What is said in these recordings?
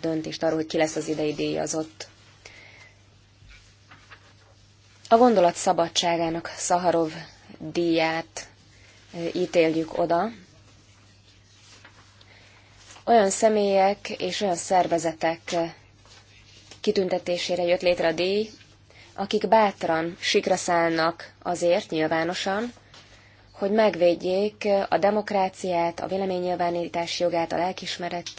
döntést arról, hogy ki lesz az idei díjazott. A gondolat szabadságának Szaharov díját ítéljük oda. Olyan személyek és olyan szervezetek kitüntetésére jött létre a díj, akik bátran sikra szállnak azért nyilvánosan, hogy megvédjék a demokráciát, a véleménynyilvánítás jogát, a lelkismeret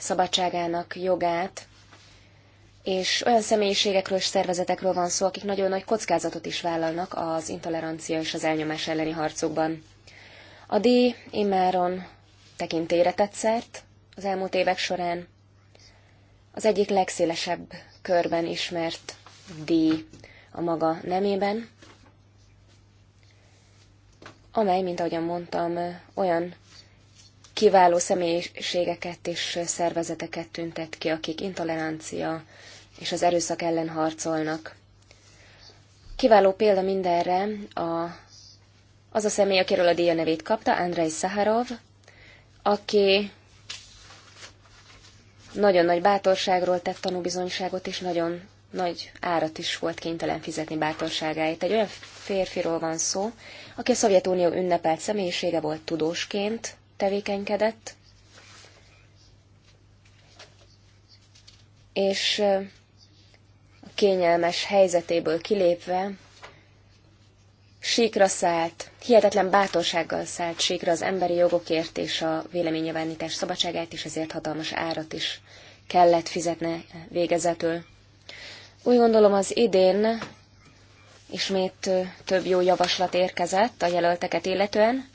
szabadságának jogát, és olyan személyiségekről és szervezetekről van szó, akik nagyon nagy kockázatot is vállalnak az intolerancia és az elnyomás elleni harcokban. A D immáron tekintélyre tett szert az elmúlt évek során. Az egyik legszélesebb körben ismert D a maga nemében, amely, mint ahogyan mondtam, olyan kiváló személyiségeket és szervezeteket tüntet ki, akik intolerancia és az erőszak ellen harcolnak. Kiváló példa mindenre a, az a személy, akiről a díja nevét kapta, Andrei Szaharov, aki nagyon nagy bátorságról tett tanúbizonyságot, és nagyon nagy árat is volt kénytelen fizetni bátorságáért. Egy olyan férfiról van szó, aki a Szovjetunió ünnepelt személyisége volt tudósként, tevékenykedett, és a kényelmes helyzetéből kilépve síkra szállt, hihetetlen bátorsággal szállt síkra az emberi jogokért és a véleményjavánítás szabadságát, és ezért hatalmas árat is kellett fizetne végezetül. Úgy gondolom az idén ismét több jó javaslat érkezett a jelölteket illetően.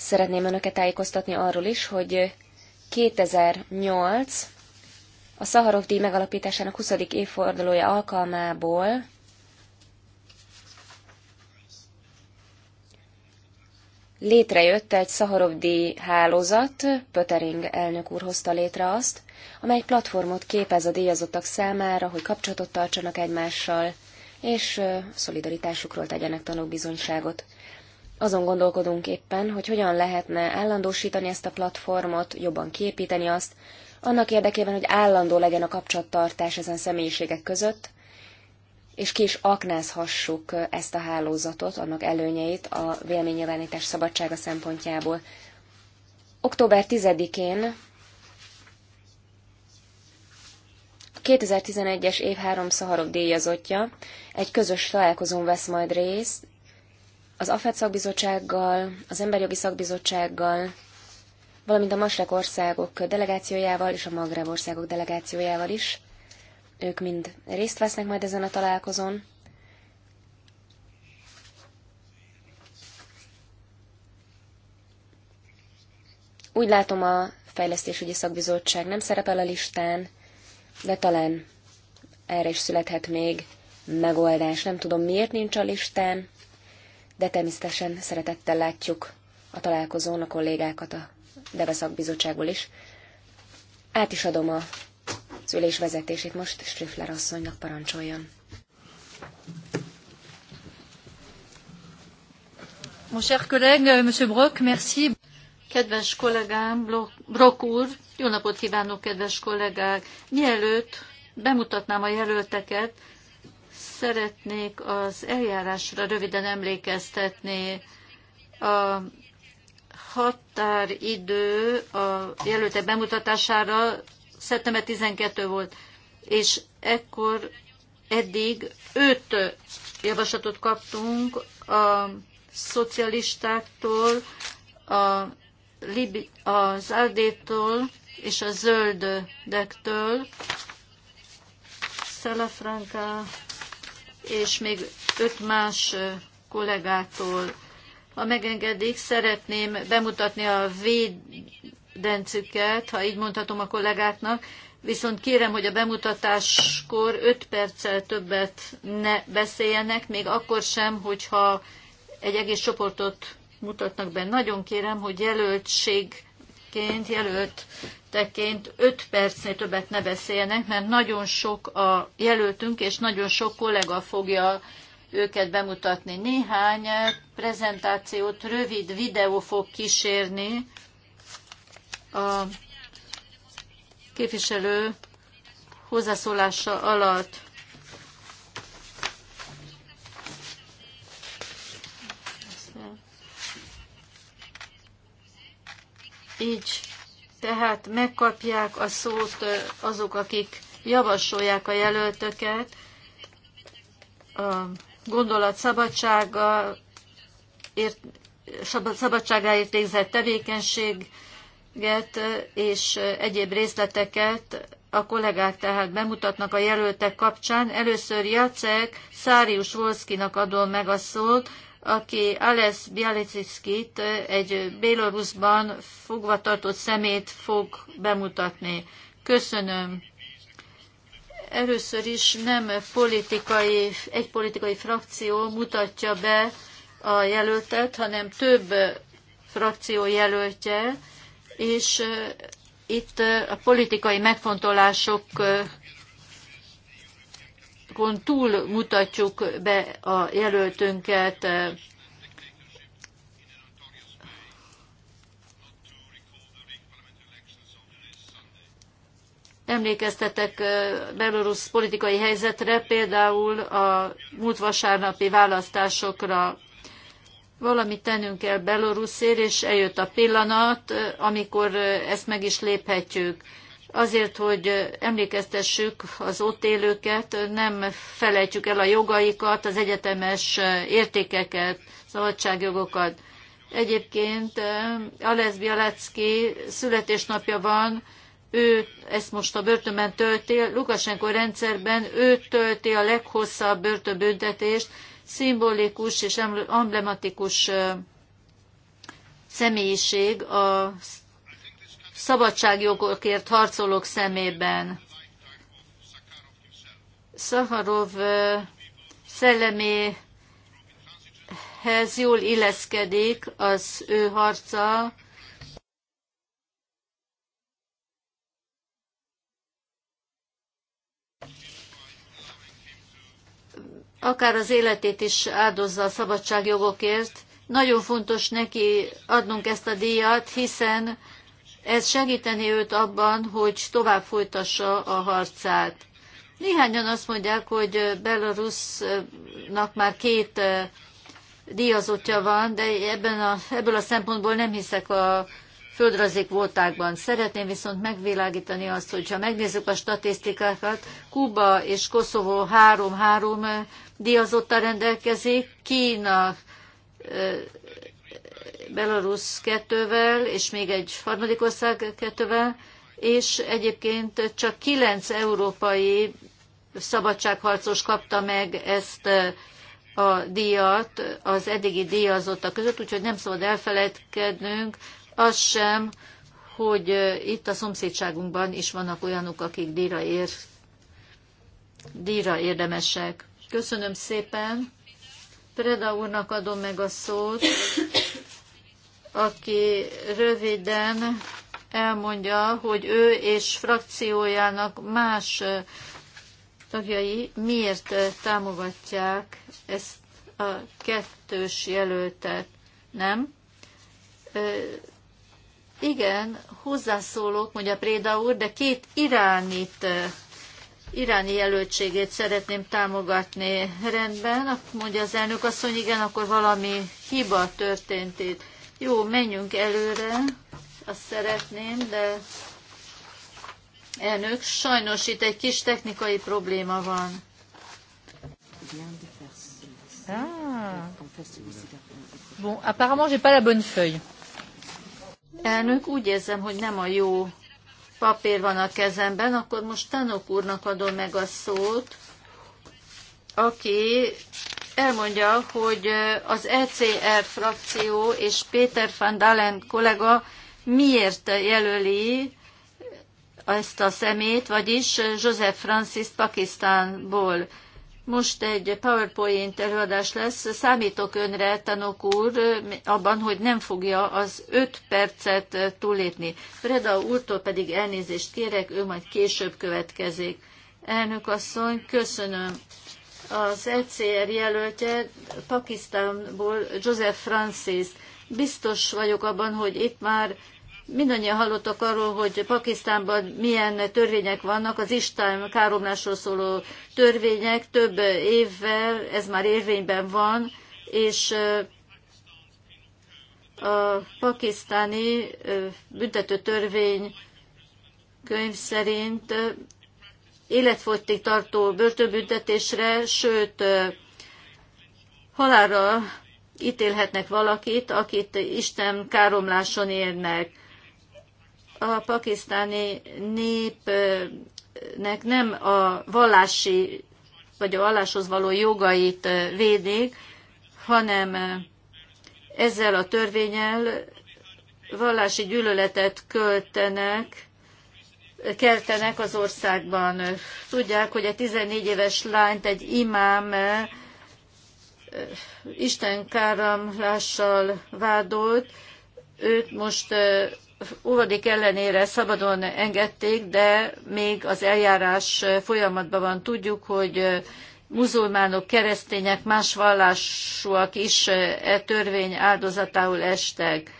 Szeretném önöket tájékoztatni arról is, hogy 2008 a Szaharov díj megalapításának 20. évfordulója alkalmából létrejött egy Szaharov díj hálózat, Pötering elnök úr hozta létre azt, amely platformot képez a díjazottak számára, hogy kapcsolatot tartsanak egymással, és szolidaritásukról tegyenek tanúbizonyságot azon gondolkodunk éppen, hogy hogyan lehetne állandósítani ezt a platformot, jobban képíteni azt, annak érdekében, hogy állandó legyen a kapcsolattartás ezen személyiségek között, és ki is aknázhassuk ezt a hálózatot, annak előnyeit a véleménynyilvánítás szabadsága szempontjából. Október 10-én 2011-es év három szaharok díjazottja egy közös találkozón vesz majd részt, az AFED szakbizottsággal, az Emberjogi Szakbizottsággal, valamint a Maslek országok delegációjával és a Magreb országok delegációjával is. Ők mind részt vesznek majd ezen a találkozón. Úgy látom, a Fejlesztésügyi Szakbizottság nem szerepel a listán, de talán erre is születhet még megoldás. Nem tudom, miért nincs a listán de természetesen szeretettel látjuk a találkozón a kollégákat a Debeszak bizottságból is. Át is adom a az ülés vezetését most Strüffler asszonynak parancsoljon. Mon cher collègue, euh, Monsieur Brock, merci. Kedves kollégám, Brock úr, jó napot kívánok, kedves kollégák! Mielőtt bemutatnám a jelölteket, Szeretnék az eljárásra röviden emlékeztetni. A határidő a jelöltek bemutatására szeptember 12 volt, és ekkor eddig öt javaslatot kaptunk a szocialistáktól, a Libi, az Aldétól és a zöldektől. Salafranca és még öt más kollégától. Ha megengedik, szeretném bemutatni a védencüket, ha így mondhatom a kollégáknak, viszont kérem, hogy a bemutatáskor öt perccel többet ne beszéljenek, még akkor sem, hogyha egy egész csoportot mutatnak be. Nagyon kérem, hogy jelöltségként, jelölt tekint 5 percnél többet ne beszéljenek, mert nagyon sok a jelöltünk, és nagyon sok kollega fogja őket bemutatni. Néhány prezentációt, rövid videó fog kísérni a képviselő hozzászólása alatt. Így tehát megkapják a szót azok, akik javasolják a jelöltöket, a gondolat szabadsága, ért, szabadságáért végzett tevékenységet és egyéb részleteket a kollégák tehát bemutatnak a jelöltek kapcsán. Először Jacek Szárius Volszkinak adom meg a szót, aki Alesz Bialicickit, egy Béloruszban fogva tartott szemét fog bemutatni. Köszönöm. Először is nem politikai, egy politikai frakció mutatja be a jelöltet, hanem több frakció jelöltje, és eh, itt eh, a politikai megfontolások eh, határokon túl mutatjuk be a jelöltünket. Emlékeztetek eh, belorusz politikai helyzetre, például a múlt vasárnapi választásokra valamit tennünk kell Belorusszért, és eljött a pillanat, eh, amikor eh, ezt meg is léphetjük azért, hogy emlékeztessük az ott élőket, nem felejtjük el a jogaikat, az egyetemes értékeket, szabadságjogokat. Egyébként eh, Alex Bialecki születésnapja van, ő ezt most a börtönben tölti, Lukasenko rendszerben ő tölti a leghosszabb börtönbüntetést, szimbolikus és emblematikus eh, személyiség a szabadságjogokért harcolók szemében. Szaharov szelleméhez jól illeszkedik az ő harca, akár az életét is áldozza a szabadságjogokért. Nagyon fontos neki adnunk ezt a díjat, hiszen ez segíteni őt abban, hogy tovább folytassa a harcát. Néhányan azt mondják, hogy Belarusnak már két díjazottja van, de ebben a, ebből a szempontból nem hiszek a földrajzik voltákban. Szeretném viszont megvilágítani azt, hogy ha megnézzük a statisztikákat, Kuba és Koszovó három-három díjazottal rendelkezik, Kína Belarus kettővel, és még egy harmadik ország kettővel, és egyébként csak kilenc európai szabadságharcos kapta meg ezt a díjat az eddigi díjazottak között, úgyhogy nem szabad elfeledkednünk az sem, hogy itt a szomszédságunkban is vannak olyanok, akik díjra, ér, díjra érdemesek. Köszönöm szépen. Preda úrnak adom meg a szót, aki röviden elmondja, hogy ő és frakciójának más tagjai miért támogatják ezt a kettős jelöltet, nem? Ö, igen, hozzászólok, mondja Préda úr, de két iránit, iráni jelöltségét szeretném támogatni. Rendben, mondja az elnök asszony, igen, akkor valami hiba történt itt. Jó, menjünk előre, azt szeretném, de elnök, sajnos itt egy kis technikai probléma van. Ah. Bon, apparemment j'ai pas la bonne feuille. Elnök, úgy érzem, hogy nem a jó papír van a kezemben, akkor most Tanok úrnak adom meg a szót, aki elmondja, hogy az ECR frakció és Péter van Dalen kollega miért jelöli ezt a szemét, vagyis Joseph Francis Pakisztánból. Most egy PowerPoint előadás lesz. Számítok önre, tanok úr, abban, hogy nem fogja az öt percet túlépni. Freda úrtól pedig elnézést kérek, ő majd később következik. Elnök asszony, köszönöm az ECR jelöltje Pakisztánból Joseph Francis. Biztos vagyok abban, hogy itt már mindannyian hallottak arról, hogy Pakisztánban milyen törvények vannak, az Istán káromlásról szóló törvények több évvel, ez már érvényben van, és a pakisztáni büntető törvény könyv szerint életfogytig tartó börtönbüntetésre, sőt halálra ítélhetnek valakit, akit Isten káromláson érnek. A pakisztáni népnek nem a vallási vagy a valláshoz való jogait védik, hanem ezzel a törvényel vallási gyűlöletet költenek keltenek az országban. Tudják, hogy a 14 éves lányt egy imám káramlással vádolt, őt most óvadék ellenére szabadon engedték, de még az eljárás folyamatban van. Tudjuk, hogy muzulmánok, keresztények, más vallásúak is e törvény áldozatául estek.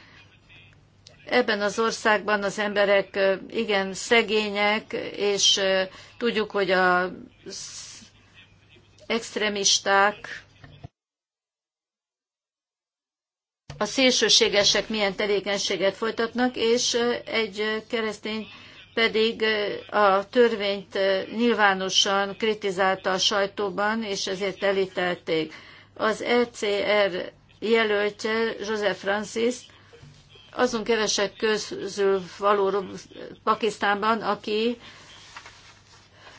Ebben az országban az emberek igen szegények, és tudjuk, hogy az extremisták, a szélsőségesek milyen tevékenységet folytatnak, és egy keresztény pedig a törvényt nyilvánosan kritizálta a sajtóban, és ezért elítelték. Az ECR jelöltje, Joseph Francis, azon kevesek közül való Pakisztánban, aki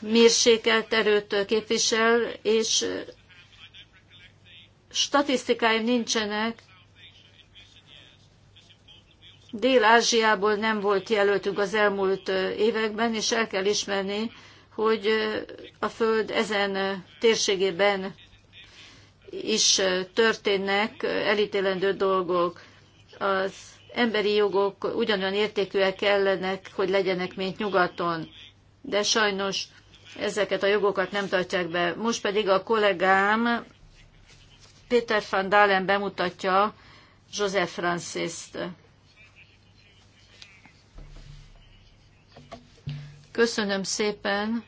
mérsékelt erőt képvisel, és statisztikáim nincsenek. Dél-Ázsiából nem volt jelöltük az elmúlt években, és el kell ismerni, hogy a Föld ezen térségében is történnek elítélendő dolgok. Az emberi jogok ugyanolyan értékűek kellenek, hogy legyenek, mint nyugaton. De sajnos ezeket a jogokat nem tartják be. Most pedig a kollégám Péter van Dalen bemutatja Francis-t. Köszönöm szépen.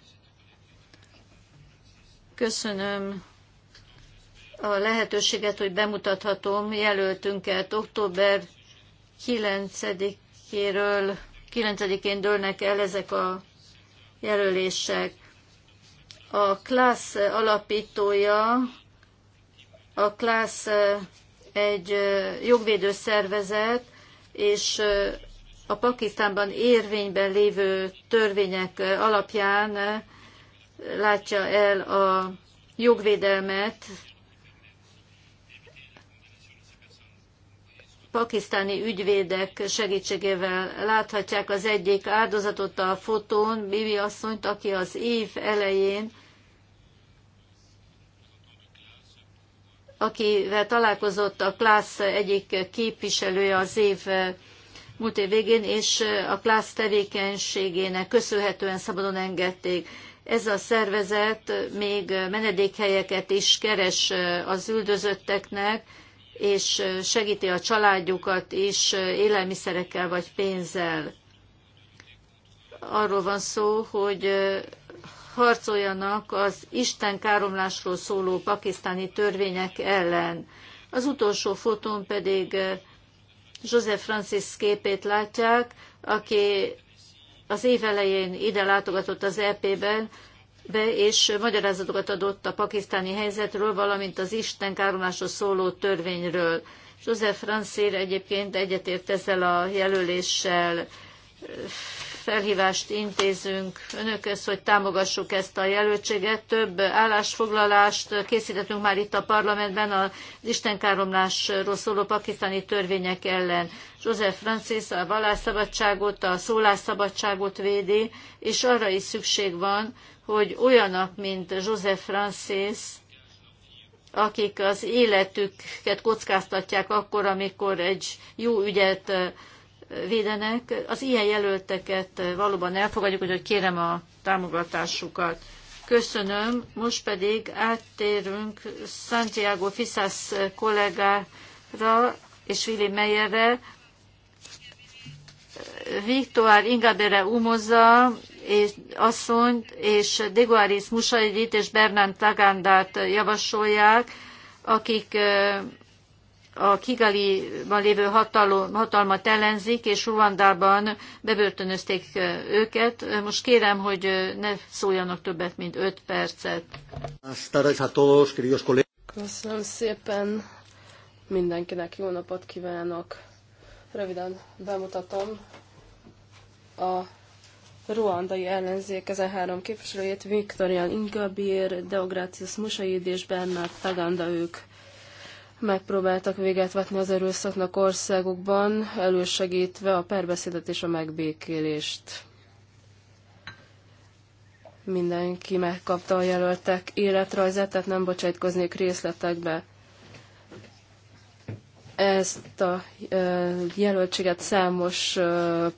Köszönöm a lehetőséget, hogy bemutathatom jelöltünket. Október 9-éről, 9-én dőlnek el ezek a jelölések. A klassz alapítója, a klassz egy jogvédő szervezet, és a Pakisztánban érvényben lévő törvények alapján látja el a jogvédelmet pakisztáni ügyvédek segítségével láthatják az egyik áldozatot a fotón, Bibi asszonyt, aki az év elején akivel találkozott a Klász egyik képviselője az év eh, múlt év végén, és eh, a Klász tevékenységének köszönhetően szabadon engedték. Ez a szervezet még eh, menedékhelyeket is keres az üldözötteknek, és segíti a családjukat is élelmiszerekkel vagy pénzzel. Arról van szó, hogy harcoljanak az Isten káromlásról szóló pakisztáni törvények ellen. Az utolsó fotón pedig Joseph Francis képét látják, aki az év elején ide látogatott az EP-ben, be, és magyarázatokat adott a pakisztáni helyzetről, valamint az Isten szóló törvényről. Joseph Rancér egyébként egyetért ezzel a jelöléssel. Felhívást intézünk önökhez, hogy támogassuk ezt a jelöltséget. Több állásfoglalást készítettünk már itt a parlamentben az istenkáromlásról szóló pakisztáni törvények ellen. Joseph Francis a vallásszabadságot, a szólásszabadságot védi, és arra is szükség van, hogy olyanak, mint Joseph Francis, akik az életüket kockáztatják akkor, amikor egy jó ügyet védenek, az ilyen jelölteket valóban elfogadjuk, úgyhogy kérem a támogatásukat. Köszönöm, most pedig áttérünk Santiago Fisas kollégára és Willy Meyerre. Viktor Ingabere Umoza és asszonyt és Deguaris Musaidit és Bernard Tagandát javasolják, akik a Kigali-ban lévő hatalom, hatalmat ellenzik, és Ruandában bebörtönözték őket. Most kérem, hogy ne szóljanak többet, mint 5 percet. Köszönöm szépen mindenkinek, jó napot kívánok! Röviden bemutatom a ruandai ellenzék ezen három képviselőjét, Viktorian Ingabir, Deogratius Musaid és Bernard Taganda ők megpróbáltak véget vetni az erőszaknak országukban, elősegítve a perbeszédet és a megbékélést. Mindenki megkapta a jelöltek életrajzát, tehát nem bocsájtkoznék részletekbe ezt a jelöltséget számos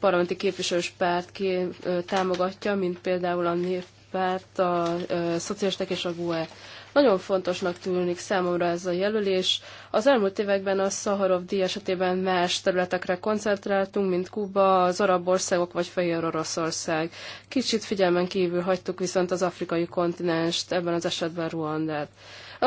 parlamenti képviselős párt ki támogatja, mint például a Néppárt, a Szocialisták és a GUE. Nagyon fontosnak tűnik számomra ez a jelölés. Az elmúlt években a Szaharov díj esetében más területekre koncentráltunk, mint Kuba, az arab országok vagy Fehér Oroszország. Kicsit figyelmen kívül hagytuk viszont az afrikai kontinenst, ebben az esetben Ruandát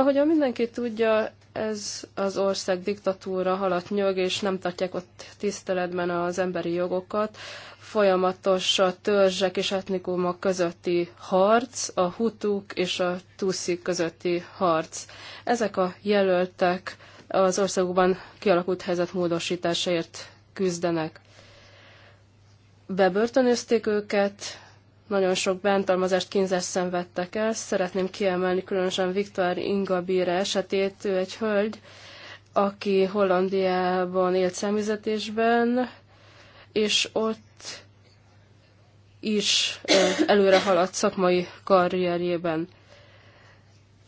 a mindenki tudja, ez az ország diktatúra halat nyög, és nem tartják ott tiszteletben az emberi jogokat. Folyamatos a törzsek és etnikumok közötti harc, a hutuk és a tuszik közötti harc. Ezek a jelöltek az országokban kialakult helyzet módosításáért küzdenek. Bebörtönözték őket, nagyon sok bántalmazást, kínzást szenvedtek el. Szeretném kiemelni különösen Viktor Ingabire esetét. Ő egy hölgy, aki Hollandiában élt személyzetésben, és ott is előre haladt szakmai karrierjében.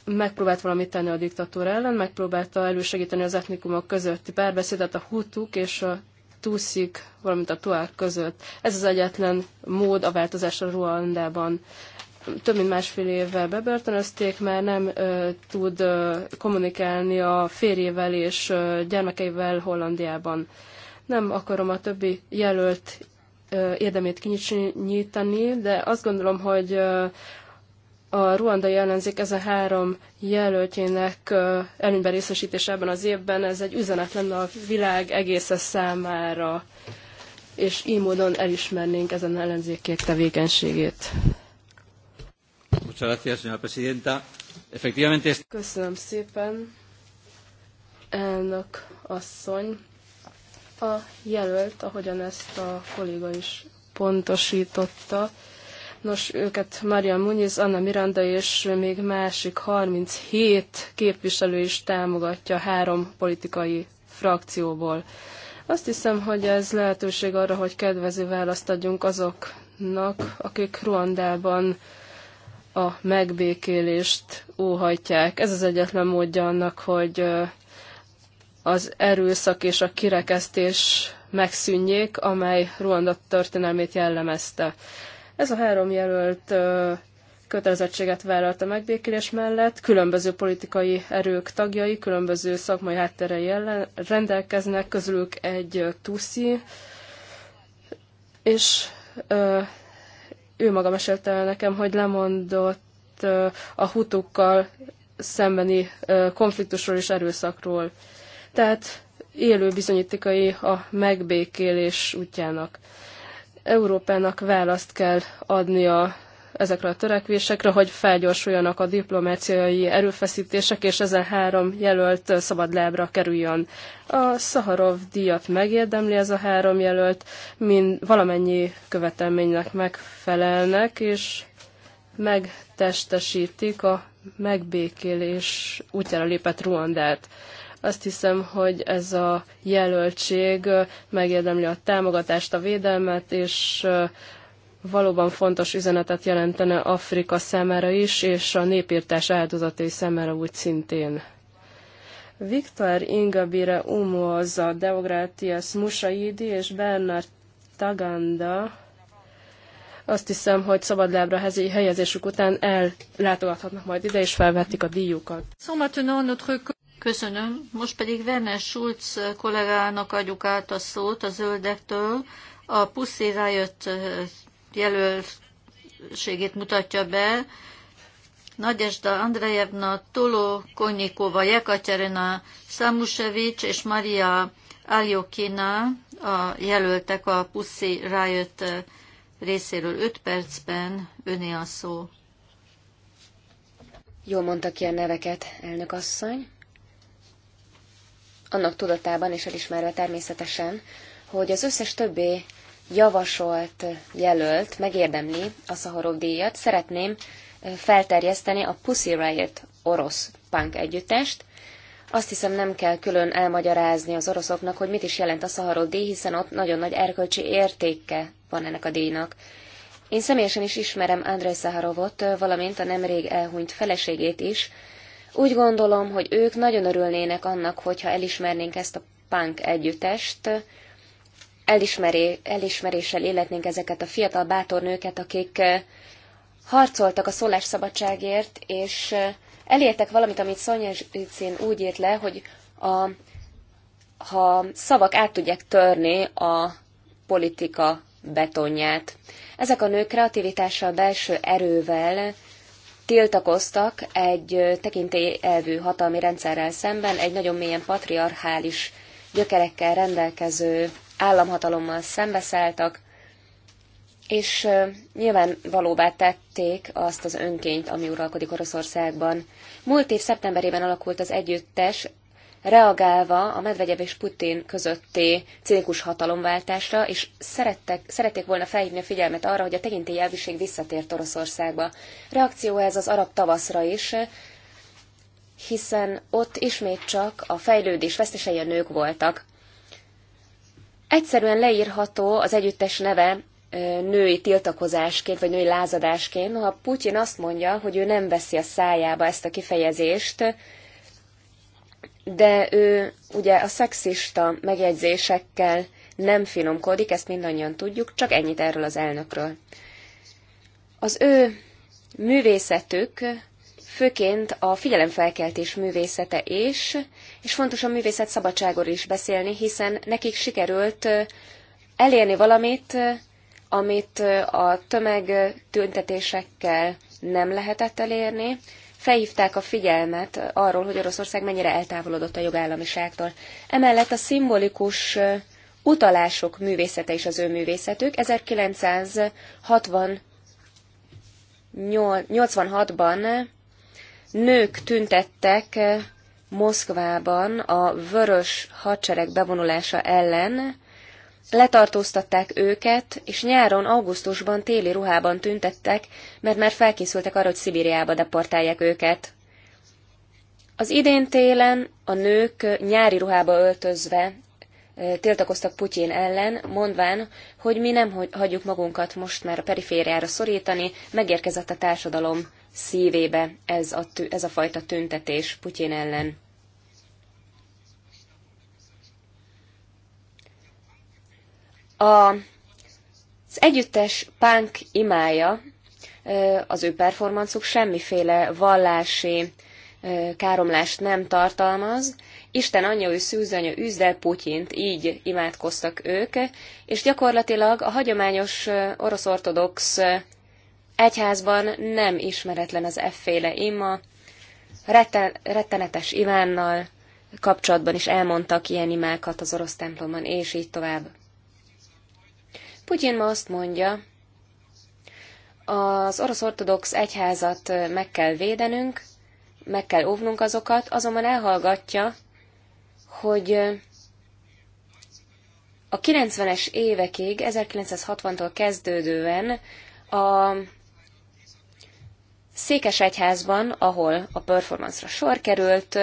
Megpróbált valamit tenni a diktatúra ellen, megpróbálta elősegíteni az etnikumok közötti párbeszédet, a hutuk és a Tuszik, valamint a Tuák között. Ez az egyetlen mód a változásra Ruandában. Több mint másfél évvel bebörtönözték, mert nem ö, tud ö, kommunikálni a férjével és ö, gyermekeivel Hollandiában. Nem akarom a többi jelölt ö, érdemét kinyitani, de azt gondolom, hogy ö, a ruandai ellenzék a három jelöltjének előnyben részesítése ebben az évben, ez egy üzenet lenne a világ egésze számára, és így módon elismernénk ezen ellenzékék tevékenységét. Köszönöm szépen, elnök asszony. A jelölt, ahogyan ezt a kolléga is pontosította, Nos, őket Maria Muniz, Anna Miranda és még másik 37 képviselő is támogatja három politikai frakcióból. Azt hiszem, hogy ez lehetőség arra, hogy kedvező választ adjunk azoknak, akik Ruandában a megbékélést óhajtják. Ez az egyetlen módja annak, hogy az erőszak és a kirekesztés megszűnjék, amely Ruanda történelmét jellemezte. Ez a három jelölt kötelezettséget vállalt a megbékélés mellett, különböző politikai erők tagjai, különböző szakmai hátterei ellen rendelkeznek, közülük egy Tuszi, és ő maga mesélte el nekem, hogy lemondott a hutukkal szembeni konfliktusról és erőszakról. Tehát élő bizonyítékai a megbékélés útjának. Európának választ kell adnia ezekre a törekvésekre, hogy felgyorsuljanak a diplomáciai erőfeszítések, és ezen három jelölt szabad lábra kerüljön. A Szaharov díjat megérdemli ez a három jelölt, mind valamennyi követelménynek megfelelnek, és megtestesítik a megbékélés útjára lépett Ruandát. Azt hiszem, hogy ez a jelöltség megérdemli a támogatást, a védelmet, és valóban fontos üzenetet jelentene Afrika szemére is, és a népírtás áldozatai szemére úgy szintén. Viktor Ingabire Umoza, Deogratias Musaidi és Bernard Taganda azt hiszem, hogy szabadlábra helyezésük után ellátogathatnak majd ide, és felvettik a díjukat. Köszönöm. Most pedig Werner Schulz kollégának adjuk át a szót a zöldektől. A puszi rájött jelölségét mutatja be. Nagyesda Andrejevna, Tolo Konyikova, Jekaterina Samusevics és Maria Aljokina a jelöltek a puszi rájött részéről 5 percben. Öné a szó. Jól mondta ki a neveket, elnök asszony annak tudatában és elismerve természetesen, hogy az összes többi javasolt jelölt megérdemli a Szaharov díjat, szeretném eh, felterjeszteni a Pussy Riot orosz punk együttest. Azt hiszem nem kell külön elmagyarázni az oroszoknak, hogy mit is jelent a Szaharov díj, hiszen ott nagyon nagy erkölcsi értéke van ennek a díjnak. Én személyesen is ismerem Andrei Szaharovot, eh, valamint a nemrég elhunyt feleségét is, úgy gondolom, hogy ők nagyon örülnének annak, hogyha elismernénk ezt a punk együttest, elismeré, elismeréssel életnénk ezeket a fiatal bátor nőket, akik eh, harcoltak a szólásszabadságért, és eh, elértek valamit, amit Szonya Zsicin úgy írt le, hogy a, ha szavak át tudják törni a politika betonját. Ezek a nők kreativitással, belső erővel tiltakoztak egy tekintélyelvű hatalmi rendszerrel szemben, egy nagyon mélyen patriarchális gyökerekkel rendelkező államhatalommal szembeszálltak, és nyilván tették azt az önkényt, ami uralkodik Oroszországban. Múlt év szeptemberében alakult az együttes, reagálva a Medvegyev és Putin közötti cinikus hatalomváltásra, és szerettek, szerették volna felhívni a figyelmet arra, hogy a tekintélyelviség visszatért Oroszországba. Reakció ez az arab tavaszra is, hiszen ott ismét csak a fejlődés vesztesei a nők voltak. Egyszerűen leírható az együttes neve női tiltakozásként, vagy női lázadásként, ha Putyin azt mondja, hogy ő nem veszi a szájába ezt a kifejezést, de ő ugye a szexista megjegyzésekkel nem finomkodik, ezt mindannyian tudjuk, csak ennyit erről az elnökről. Az ő művészetük főként a figyelemfelkeltés művészete és, és fontos a művészet szabadságról is beszélni, hiszen nekik sikerült elérni valamit, amit a tömeg tüntetésekkel nem lehetett elérni, felhívták a figyelmet arról, hogy Oroszország mennyire eltávolodott a jogállamiságtól. Emellett a szimbolikus utalások művészete is az ő művészetük. 1986-ban nők tüntettek Moszkvában a vörös hadsereg bevonulása ellen, Letartóztatták őket, és nyáron, augusztusban téli ruhában tüntettek, mert már felkészültek arra, hogy Szibériába deportálják őket. Az idén télen a nők nyári ruhába öltözve tiltakoztak Putyin ellen, mondván, hogy mi nem hagyjuk magunkat most már a perifériára szorítani, megérkezett a társadalom szívébe ez a, ez a fajta tüntetés Putyin ellen. A, az együttes punk imája, az ő performancuk semmiféle vallási káromlást nem tartalmaz, Isten anyja, ő szűzanya, üzde Putyint, így imádkoztak ők, és gyakorlatilag a hagyományos orosz ortodox egyházban nem ismeretlen az efféle ima, Retten, rettenetes Ivánnal kapcsolatban is elmondtak ilyen imákat az orosz templomban, és így tovább. Putyin ma azt mondja, az orosz ortodox egyházat meg kell védenünk, meg kell óvnunk azokat, azonban elhallgatja, hogy a 90-es évekig, 1960-tól kezdődően a egyházban, ahol a performance-ra sor került,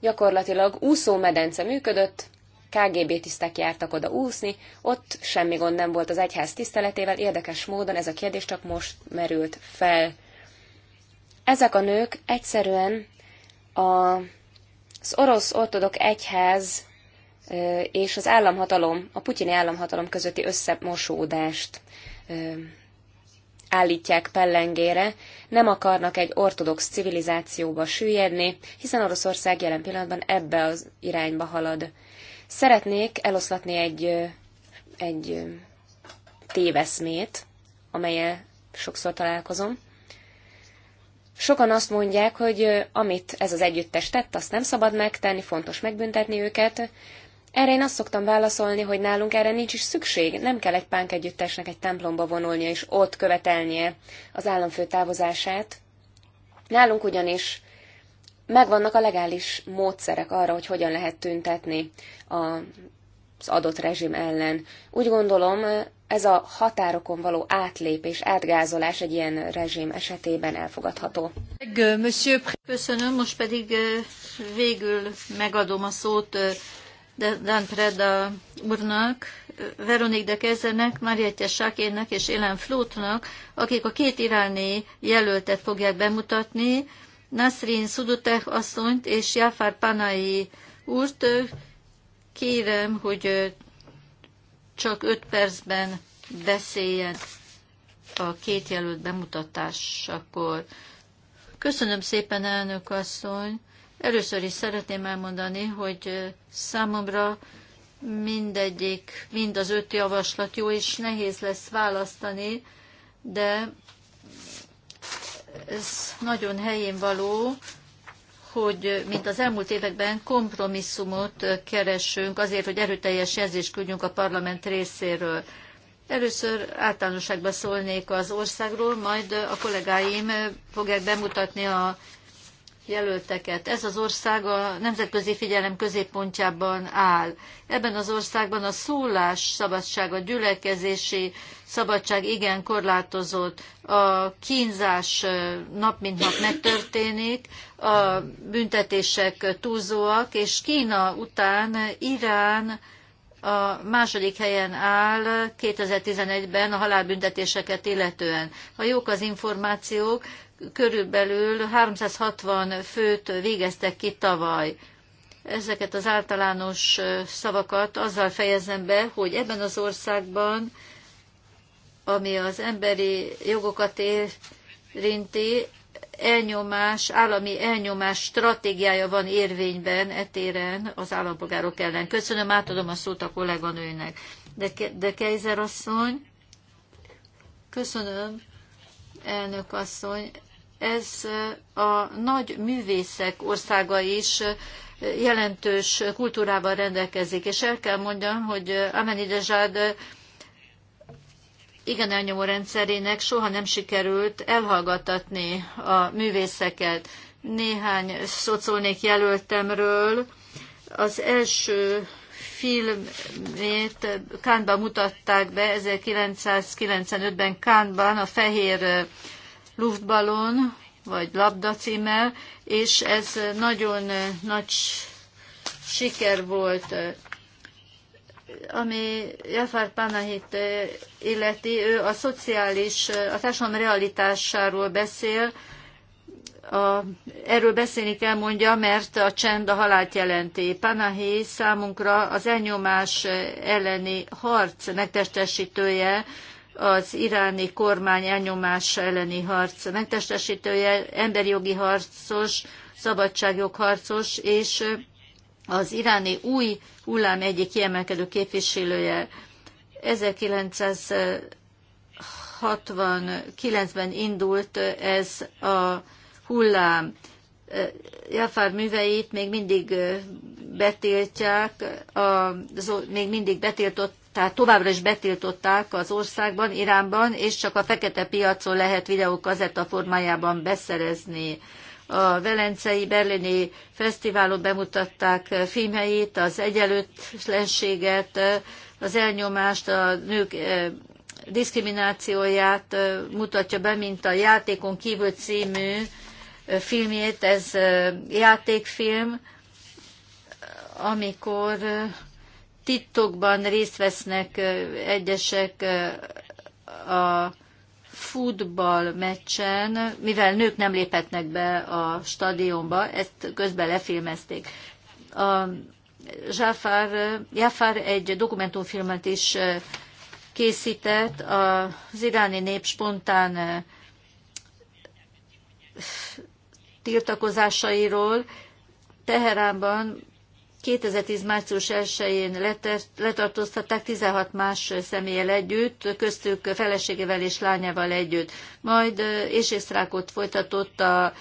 gyakorlatilag úszómedence működött, KGB tisztek jártak oda úszni, ott semmi gond nem volt az egyház tiszteletével, érdekes módon ez a kérdés csak most merült fel. Ezek a nők egyszerűen a, az orosz ortodok egyház és az államhatalom, a putyini államhatalom közötti összemosódást állítják pellengére, nem akarnak egy ortodox civilizációba süllyedni, hiszen Oroszország jelen pillanatban ebbe az irányba halad. Szeretnék eloszlatni egy, egy téveszmét, amelyel sokszor találkozom. Sokan azt mondják, hogy amit ez az együttes tett, azt nem szabad megtenni, fontos megbüntetni őket. Erre én azt szoktam válaszolni, hogy nálunk erre nincs is szükség, nem kell egy pánk együttesnek egy templomba vonulnia és ott követelnie az államfő távozását. Nálunk ugyanis megvannak a legális módszerek arra, hogy hogyan lehet tüntetni az adott rezsim ellen. Úgy gondolom, ez a határokon való átlépés, átgázolás egy ilyen rezsim esetében elfogadható. Köszönöm, most pedig végül megadom a szót Dan Preda úrnak, Veronik de Kezernek, Marietje Sakénnek és Ellen Flótnak, akik a két iráni jelöltet fogják bemutatni, Nasrin Szudutek asszonyt és Jafar Panai úrt. Kérem, hogy csak öt percben beszéljen a két jelölt bemutatásakor. Köszönöm szépen, elnök asszony. Először is szeretném elmondani, hogy számomra mindegyik, mind az öt javaslat jó, és nehéz lesz választani, de ez nagyon helyén való, hogy mint az elmúlt években kompromisszumot keresünk azért, hogy erőteljes jelzést küldjünk a parlament részéről. Először általánosságban szólnék az országról, majd a kollégáim fogják bemutatni a jelölteket. Ez az ország a nemzetközi figyelem középpontjában áll. Ebben az országban a szólás szabadság, a gyülekezési szabadság igen korlátozott, a kínzás nap mint nap megtörténik, a büntetések túlzóak, és Kína után Irán a második helyen áll 2011-ben a halálbüntetéseket illetően. Ha jók az információk, körülbelül 360 főt végeztek ki tavaly. Ezeket az általános szavakat azzal fejezem be, hogy ebben az országban, ami az emberi jogokat érinti, elnyomás, állami elnyomás stratégiája van érvényben etéren az állampolgárok ellen. Köszönöm, átadom a szót a kolléganőnek. De, de Kejzer asszony, köszönöm, elnök asszony, ez a nagy művészek országa is jelentős kultúrával rendelkezik. És el kell mondjam, hogy Ahmadinejad igen elnyomó rendszerének soha nem sikerült elhallgatatni a művészeket. Néhány szót szólnék jelöltemről. Az első filmét Kánban mutatták be 1995-ben Kánban a fehér luftballon vagy labda címmel, és ez nagyon nagy siker volt. Ami Jafar Panahit illeti, ő a szociális, a társadalom realitásáról beszél, a, erről beszélni kell mondja, mert a csend a halált jelenti. Panahi számunkra az elnyomás elleni harc megtestesítője, az iráni kormány elnyomása elleni harc megtestesítője, emberi jogi harcos, szabadságjog harcos, és az iráni új hullám egyik kiemelkedő képviselője 1969-ben indult ez a hullám. Jafar műveit még mindig betiltják, a, még mindig betiltott tehát továbbra is betiltották az országban, Iránban, és csak a fekete piacon lehet videókazetta formájában beszerezni. A Velencei Berlini Fesztiválon bemutatták filmjeit, az egyenlőtlenséget, az elnyomást, a nők eh, diszkriminációját eh, mutatja be, mint a Játékon kívül című eh, filmjét. Ez játékfilm, amikor titokban részt vesznek egyesek a futball meccsen, mivel nők nem léphetnek be a stadionba, ezt közben lefilmezték. A Jafar, Jafar egy dokumentumfilmet is készített az iráni nép spontán tiltakozásairól. Teheránban 2010. március 1-én letartóztatták 16 más személyel együtt, köztük feleségével és lányával együtt. Majd eh, éjségsztrákot folytatott a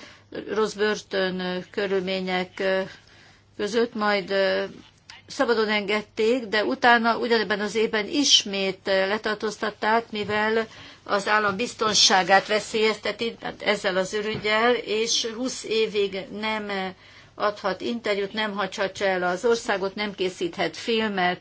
rossz börtön körülmények eh, között, majd eh, szabadon engedték, de utána ugyanebben az évben ismét letartóztatták, mivel az állam biztonságát veszélyezteti ezzel az ürügyel, és 20 évig nem adhat interjút, nem hagyhatja el az országot, nem készíthet filmet.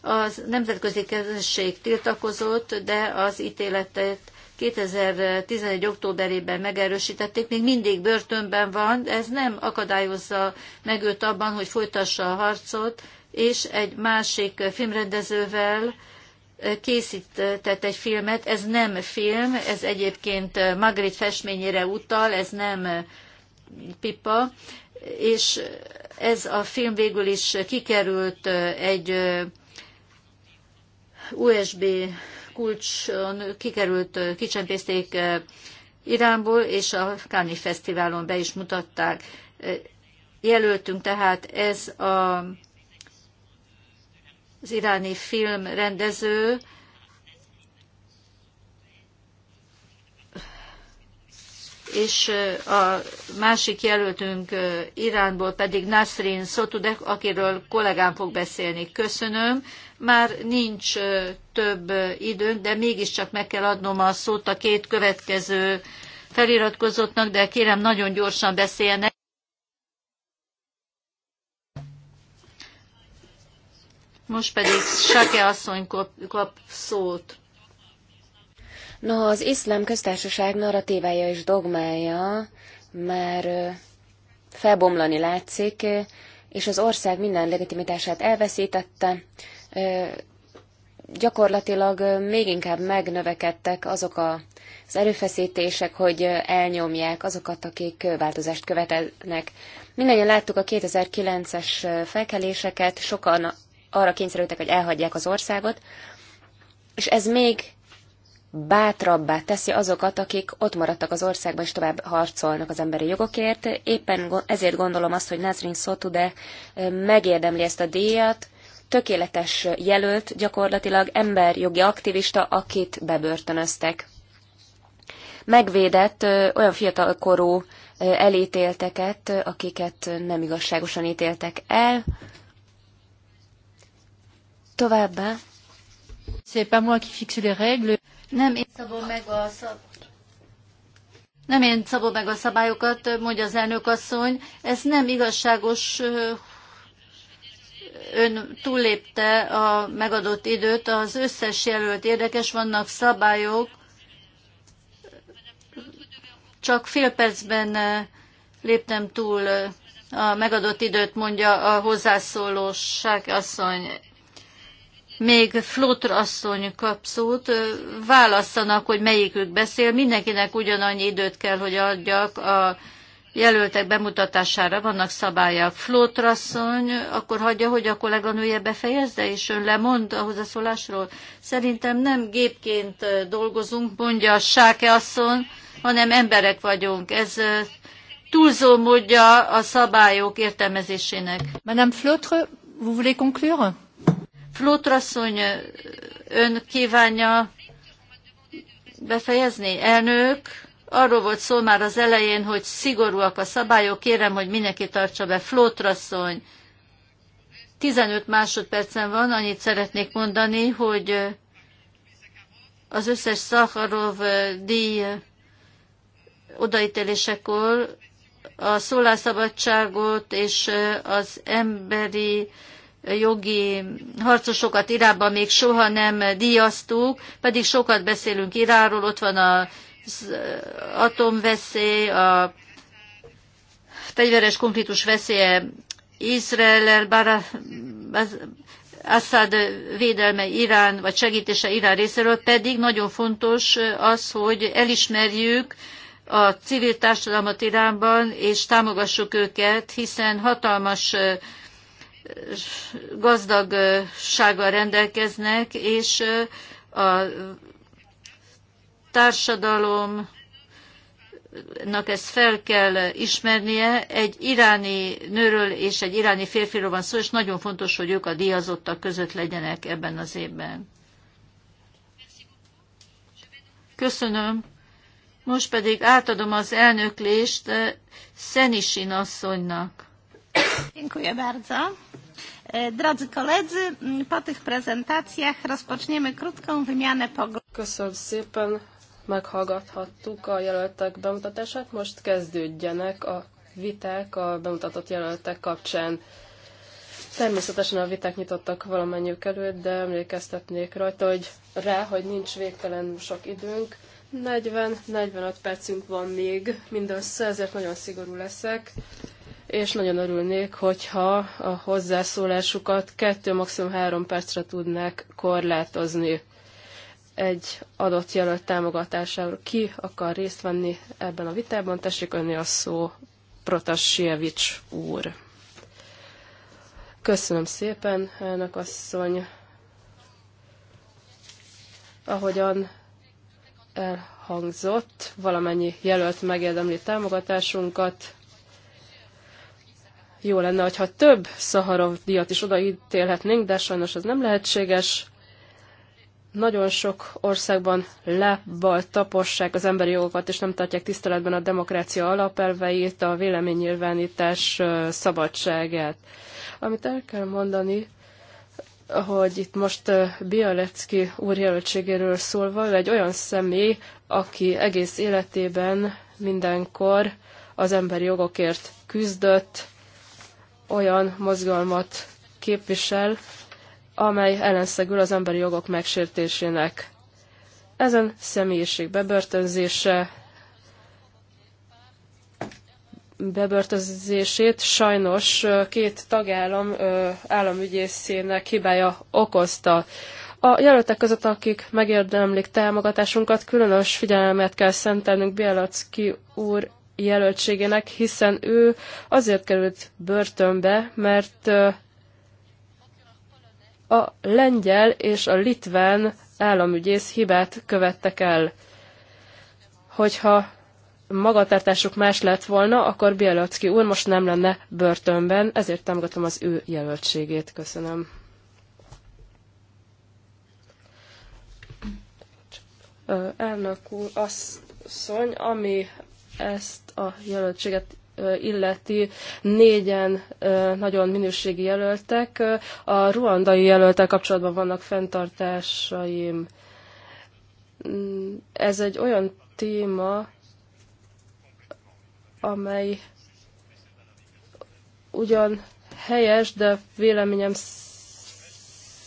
Az nemzetközi közösség tiltakozott, de az ítéletet 2011. októberében megerősítették, még mindig börtönben van, ez nem akadályozza meg őt abban, hogy folytassa a harcot, és egy másik filmrendezővel készített egy filmet, ez nem film, ez egyébként Magritte festményére utal, ez nem pipa, és ez a film végül is kikerült egy USB kulcson, kikerült, kicsempészték Iránból, és a Káni Fesztiválon be is mutatták. Jelöltünk tehát ez a, az iráni film rendező, és a másik jelöltünk Iránból pedig Nasrin Sotudek, akiről kollégám fog beszélni. Köszönöm. Már nincs több időnk, de mégiscsak meg kell adnom a szót a két következő feliratkozottnak, de kérem nagyon gyorsan beszéljenek. Most pedig Sake asszony kap, kap szót. No, az iszlám köztársaság narratívája és dogmája már felbomlani látszik, és az ország minden legitimitását elveszítette. Gyakorlatilag még inkább megnövekedtek azok az erőfeszítések, hogy elnyomják azokat, akik változást követelnek. Mindennyian láttuk a 2009-es felkeléseket, sokan arra kényszerültek, hogy elhagyják az országot, és ez még bátrabbá teszi azokat, akik ott maradtak az országban és tovább harcolnak az emberi jogokért. Éppen ezért gondolom azt, hogy Nazrin de megérdemli ezt a díjat, tökéletes jelölt, gyakorlatilag emberjogi aktivista, akit bebörtönöztek. Megvédett olyan fiatalkorú elítélteket, akiket nem igazságosan ítéltek el. Továbbá. C'est pas moi qui fixe les règles. Nem én szabom meg a szab... Nem én szabom meg a szabályokat, mondja az elnök asszony. Ez nem igazságos, ön túllépte a megadott időt, az összes jelölt érdekes, vannak szabályok, csak fél percben léptem túl a megadott időt, mondja a hozzászólóság asszony még Flotr asszony kap szót, válasszanak, hogy melyikük beszél, mindenkinek ugyanannyi időt kell, hogy adjak a jelöltek bemutatására, vannak szabályok. Flotr asszony, akkor hagyja, hogy a kolléganője befejezze, és ön lemond a hozzászólásról. Szerintem nem gépként dolgozunk, mondja Sáke asszony, hanem emberek vagyunk. Ez túlzó módja a szabályok értelmezésének. Madame Flotre, vous voulez conclure? Flótrasszony, ön kívánja befejezni? Elnök, arról volt szó már az elején, hogy szigorúak a szabályok, kérem, hogy mindenki tartsa be. Flótrasszony, 15 másodpercen van, annyit szeretnék mondani, hogy az összes Szaharov díj odaítélésekor a szólásszabadságot és az emberi jogi harcosokat Irában még soha nem díjaztuk, pedig sokat beszélünk Iráról, ott van az atomveszély, a fegyveres konfliktus veszélye Izrael, Assad védelme Irán, vagy segítése Irán részéről, pedig nagyon fontos az, hogy elismerjük a civil társadalmat Iránban, és támogassuk őket, hiszen hatalmas uh, gazdagsággal rendelkeznek, és a társadalom ezt fel kell ismernie. Egy iráni nőről és egy iráni férfiról van szó, és nagyon fontos, hogy ők a díjazottak között legyenek ebben az évben. Köszönöm. Most pedig átadom az elnöklést Szenisin asszonynak. Dziękuję bardzo. E, drodzy koledzy, po tych prezentacjach rozpoczniemy krótką wymianę poglądów. Köszönöm szépen, meghallgathattuk a jelöltek bemutatását, most kezdődjenek a viták a bemutatott jelöltek kapcsán. Természetesen a viták nyitottak valamennyiük előtt, de emlékeztetnék rajta, hogy rá, hogy nincs végtelen sok időnk. 40-45 percünk van még mindössze, ezért nagyon szigorú leszek és nagyon örülnék, hogyha a hozzászólásukat kettő, maximum három percre tudnák korlátozni egy adott jelölt támogatására. Ki akar részt venni ebben a vitában? Tessék önni a szó, Protasievics úr. Köszönöm szépen, elnök asszony. Ahogyan elhangzott, valamennyi jelölt megérdemli támogatásunkat, jó lenne, hogyha több Szaharov díjat is odaítélhetnénk, de sajnos ez nem lehetséges. Nagyon sok országban lábbal tapossák az emberi jogokat, és nem tartják tiszteletben a demokrácia alapelveit, a véleménynyilvánítás szabadságát. Amit el kell mondani, hogy itt most Bialecki úrjelöltségéről szólva, ő egy olyan személy, aki egész életében mindenkor az emberi jogokért küzdött, olyan mozgalmat képvisel, amely ellenszegül az emberi jogok megsértésének. Ezen személyiség bebörtönzése, bebörtözését sajnos két tagállam államügyészének hibája okozta. A jelöltek között, akik megérdemlik támogatásunkat, különös figyelmet kell szentelnünk Bielacki úr jelöltségének, hiszen ő azért került börtönbe, mert a lengyel és a litván államügyész hibát követtek el. Hogyha magatartásuk más lett volna, akkor Bielocki úr most nem lenne börtönben, ezért támogatom az ő jelöltségét. Köszönöm. elnök úr, asszony, ami ezt a jelöltséget illeti négyen nagyon minőségi jelöltek. A ruandai jelöltel kapcsolatban vannak fenntartásaim. Mm, ez egy olyan téma, amely ugyan helyes, de véleményem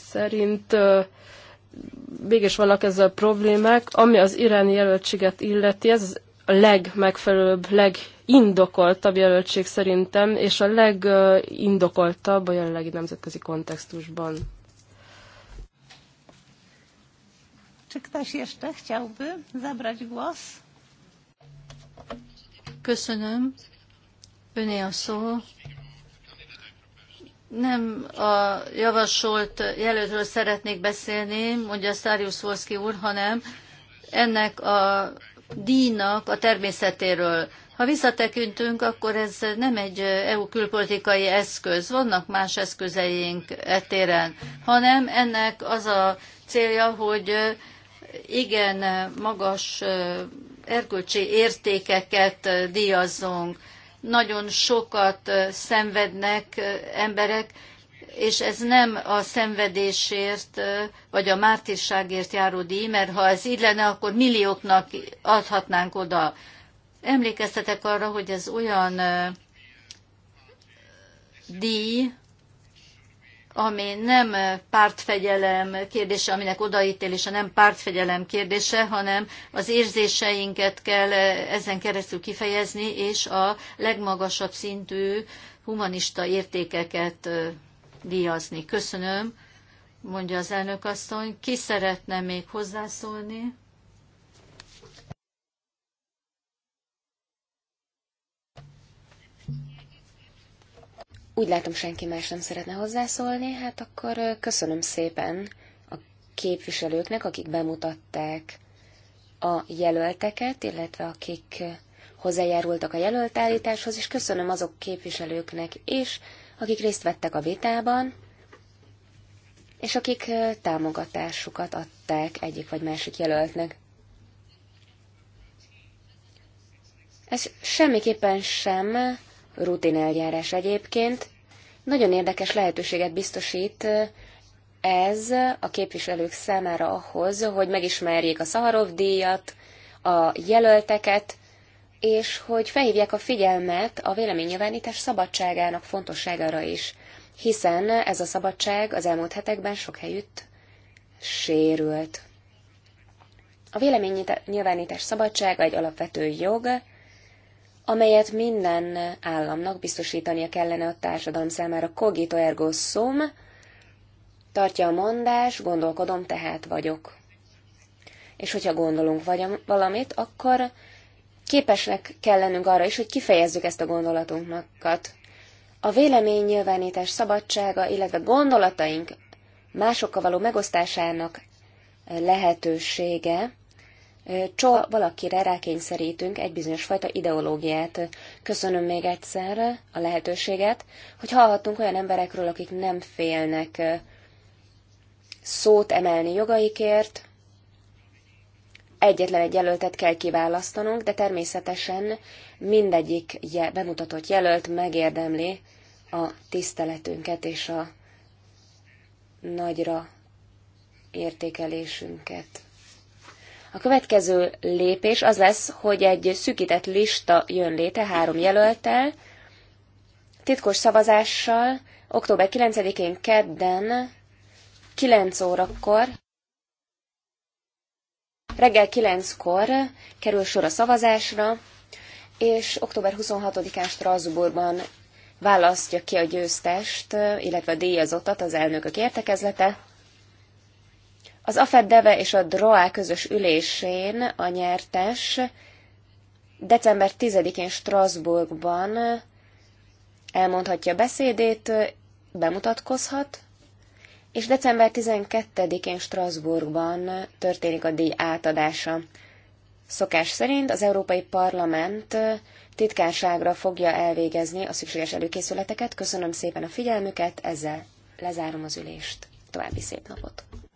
szerint mégis vannak ezzel problémák. Ami az iráni jelöltséget illeti, ez legmegfelelőbb, legindokoltabb jelöltség szerintem, és a legindokoltabb a jelenlegi nemzetközi kontextusban. Czy ktoś jeszcze chciałby zabrać głos? Köszönöm. Öné a szó. Nem a javasolt jelöltről szeretnék beszélni, mondja Szárius Volszki úr, hanem ennek a díjnak a természetéről. Ha visszatekintünk, akkor ez nem egy EU külpolitikai eszköz, vannak más eszközeink etéren, hanem ennek az a célja, hogy igen magas erkölcsi értékeket díjazzunk. Nagyon sokat szenvednek emberek, és ez nem a szenvedésért, vagy a mártírságért járó díj, mert ha ez így lenne, akkor millióknak adhatnánk oda. Emlékeztetek arra, hogy ez olyan díj, ami nem pártfegyelem kérdése, aminek odaítélése nem pártfegyelem kérdése, hanem az érzéseinket kell ezen keresztül kifejezni, és a legmagasabb szintű humanista értékeket díjazni. Köszönöm, mondja az elnök asszony. Ki szeretne még hozzászólni? Úgy látom, senki más nem szeretne hozzászólni, hát akkor köszönöm szépen a képviselőknek, akik bemutatták a jelölteket, illetve akik hozzájárultak a jelöltállításhoz, és köszönöm azok képviselőknek is, akik részt vettek a vitában, és akik támogatásukat adták egyik vagy másik jelöltnek. Ez semmiképpen sem rutin eljárás egyébként. Nagyon érdekes lehetőséget biztosít ez a képviselők számára ahhoz, hogy megismerjék a Szaharov díjat, a jelölteket, és hogy felhívják a figyelmet a véleménynyilvánítás szabadságának fontosságára is, hiszen ez a szabadság az elmúlt hetekben sok helyütt sérült. A véleménynyilvánítás szabadsága egy alapvető jog, amelyet minden államnak biztosítania kellene a társadalom számára cogito ergo sum, tartja a mondás, gondolkodom, tehát vagyok. És hogyha gondolunk valamit, akkor képesnek kell lennünk arra is, hogy kifejezzük ezt a gondolatunkat. A vélemény nyilvánítás szabadsága, illetve gondolataink másokkal való megosztásának lehetősége, csak valakire rákényszerítünk egy bizonyos fajta ideológiát. Köszönöm még egyszer a lehetőséget, hogy hallhattunk olyan emberekről, akik nem félnek szót emelni jogaikért, egyetlen egy jelöltet kell kiválasztanunk, de természetesen mindegyik bemutatott jelölt megérdemli a tiszteletünket és a nagyra értékelésünket. A következő lépés az lesz, hogy egy szükített lista jön léte három jelöltel, titkos szavazással, október 9-én kedden, 9 órakor Reggel 9-kor kerül sor a szavazásra, és október 26-án Strasbourgban választja ki a győztest, illetve a díjazottat az elnökök értekezlete. Az AFED Deve és a DROA közös ülésén a nyertes december 10-én Strasbourgban elmondhatja beszédét, bemutatkozhat, és december 12-én Strasbourgban történik a díj átadása. Szokás szerint az Európai Parlament titkárságra fogja elvégezni a szükséges előkészületeket. Köszönöm szépen a figyelmüket, ezzel lezárom az ülést. További szép napot!